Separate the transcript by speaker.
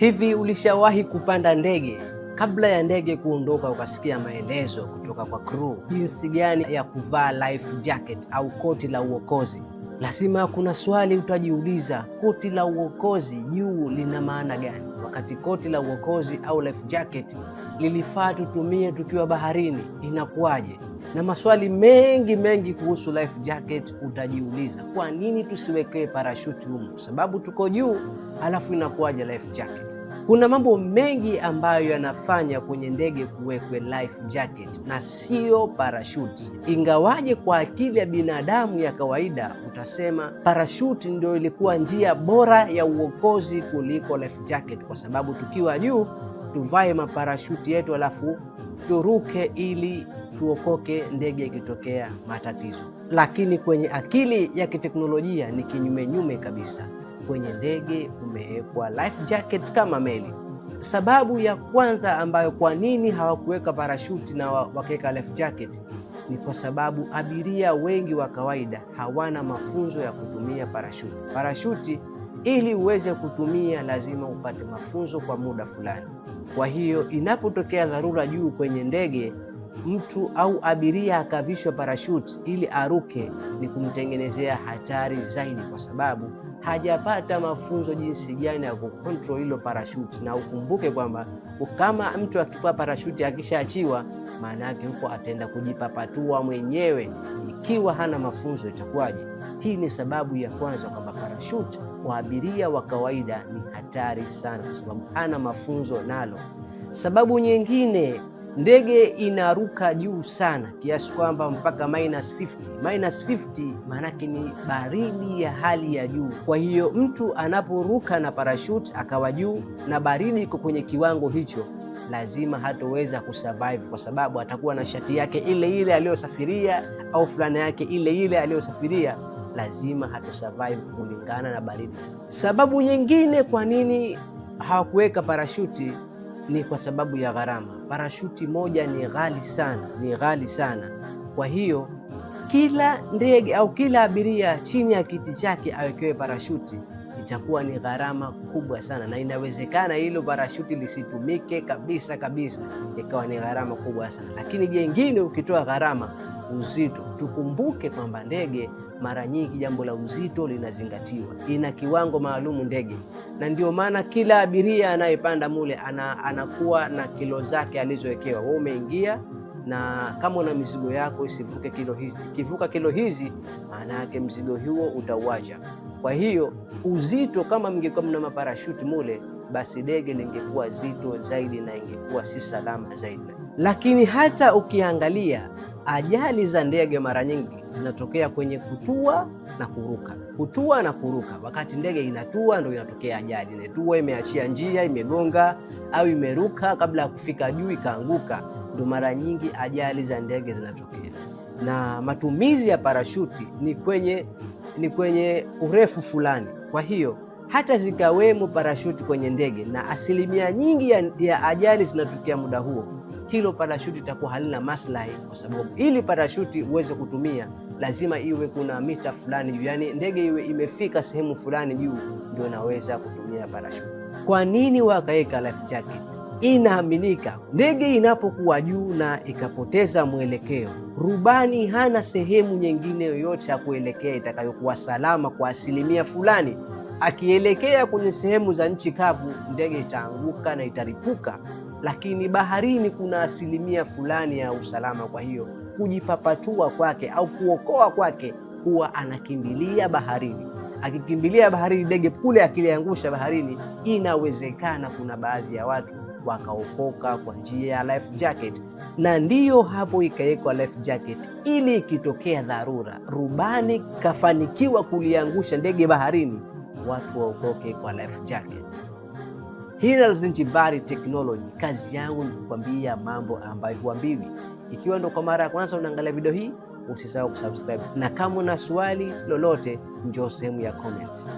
Speaker 1: Hivi ulishawahi kupanda ndege? Kabla ya ndege kuondoka, ukasikia maelezo kutoka kwa crew jinsi gani ya kuvaa life jacket au koti la uokozi? Lazima kuna swali utajiuliza, koti la uokozi juu lina maana gani? Wakati koti la uokozi au life jacket lilifaa tutumie tukiwa baharini, inakuwaje? na maswali mengi mengi kuhusu life jacket. Utajiuliza, kwa nini tusiwekee parashuti humu? Kwa sababu tuko juu, alafu inakuwaje life jacket? Kuna mambo mengi ambayo yanafanya kwenye ndege kuwekwe life jacket na siyo parashuti, ingawaje kwa akili ya binadamu ya kawaida utasema parashuti ndio ilikuwa njia bora ya uokozi kuliko life jacket, kwa sababu tukiwa juu tuvae maparashuti yetu alafu turuke ili tuokoke ndege ikitokea matatizo. Lakini kwenye akili ya kiteknolojia ni kinyumenyume kabisa. Kwenye ndege umewekwa life jacket kama meli. Sababu ya kwanza ambayo kwa nini hawakuweka parashuti na wakaweka life jacket ni kwa sababu abiria wengi wa kawaida hawana mafunzo ya kutumia parashuti. Parashuti ili uweze kutumia lazima upate mafunzo kwa muda fulani. Kwa hiyo inapotokea dharura juu kwenye ndege, mtu au abiria akavishwa parashuti ili aruke, ni kumtengenezea hatari zaidi, kwa sababu hajapata mafunzo jinsi gani ya kukontrol hilo parashuti. Na ukumbuke kwamba kama mtu akipewa parashuti akishaachiwa, maana yake huko ataenda kujipapatua mwenyewe. Ikiwa hana mafunzo itakuwaje? Hii ni sababu ya kwanza kwamba parashuti kwa abiria wa kawaida ni hatari sana, kwa sababu hana mafunzo nalo. Sababu nyingine, ndege inaruka juu sana kiasi kwamba mpaka minus 50. Minus 50 maanake ni baridi ya hali ya juu. Kwa hiyo mtu anaporuka na parashuti akawa juu na baridi iko kwenye kiwango hicho lazima hatoweza kusurvive kwa sababu atakuwa na shati yake ile ile aliyosafiria au fulana yake ile ile aliyosafiria lazima hatasurvive kulingana na baridi. Sababu nyingine kwa nini hawakuweka parashuti ni kwa sababu ya gharama. Parashuti moja ni ghali sana, ni ghali sana. Kwa hiyo kila ndege au kila abiria chini ya kiti chake awekewe parashuti itakuwa ni gharama kubwa sana, na inawezekana hilo parashuti lisitumike kabisa kabisa, ikawa ni gharama kubwa sana. Lakini jengine ukitoa gharama uzito. Tukumbuke kwamba ndege, mara nyingi jambo la uzito linazingatiwa, ina kiwango maalumu ndege, na ndio maana kila abiria anayepanda mule ana, anakuwa na kilo zake alizowekewa. Wewe umeingia na kama una mizigo yako isivuke kilo hizi. kivuka kilo hizi, maana yake mzigo huo utauacha. Kwa hiyo uzito, kama mngekuwa mna maparashuti mule, basi ndege lingekuwa zito zaidi na ingekuwa si salama zaidi. Lakini hata ukiangalia ajali za ndege mara nyingi zinatokea kwenye kutua na kuruka, kutua na kuruka. Wakati ndege inatua ndo inatokea ajali. Imetua, imeachia njia, imegonga au imeruka, kabla ya kufika juu ikaanguka, ndo mara nyingi ajali za ndege zinatokea. Na matumizi ya parashuti ni kwenye, ni kwenye urefu fulani. Kwa hiyo hata zikawemo parashuti kwenye ndege, na asilimia nyingi ya, ya ajali zinatokea muda huo hilo parashuti itakuwa halina maslahi, kwa sababu ili parashuti uweze kutumia lazima iwe kuna mita fulani juu, yani ndege iwe imefika sehemu fulani juu ndio naweza kutumia parashuti. Kwa nini wakaweka life jacket? Inaaminika ndege inapokuwa juu na ikapoteza mwelekeo, rubani hana sehemu nyingine yoyote ya kuelekea itakayokuwa salama kwa asilimia fulani. Akielekea kwenye sehemu za nchi kavu, ndege itaanguka na itaripuka lakini baharini kuna asilimia fulani ya usalama. Kwa hiyo kujipapatua kwake au kuokoa kwake huwa anakimbilia baharini. Akikimbilia baharini, ndege kule akiliangusha baharini, inawezekana kuna baadhi ya watu wakaokoka kwa njia ya life jacket, na ndiyo hapo ikawekwa life jacket ili ikitokea dharura, rubani kafanikiwa kuliangusha ndege baharini, watu waokoke kwa life jacket. Hilal Zinjbari Technology, kazi yangu ni kukwambia mambo ambayo huambiwi. Ikiwa ndo kwa mara ya kwanza unaangalia video hii, usisahau kusubscribe, na kama una swali lolote, njoo sehemu ya comment.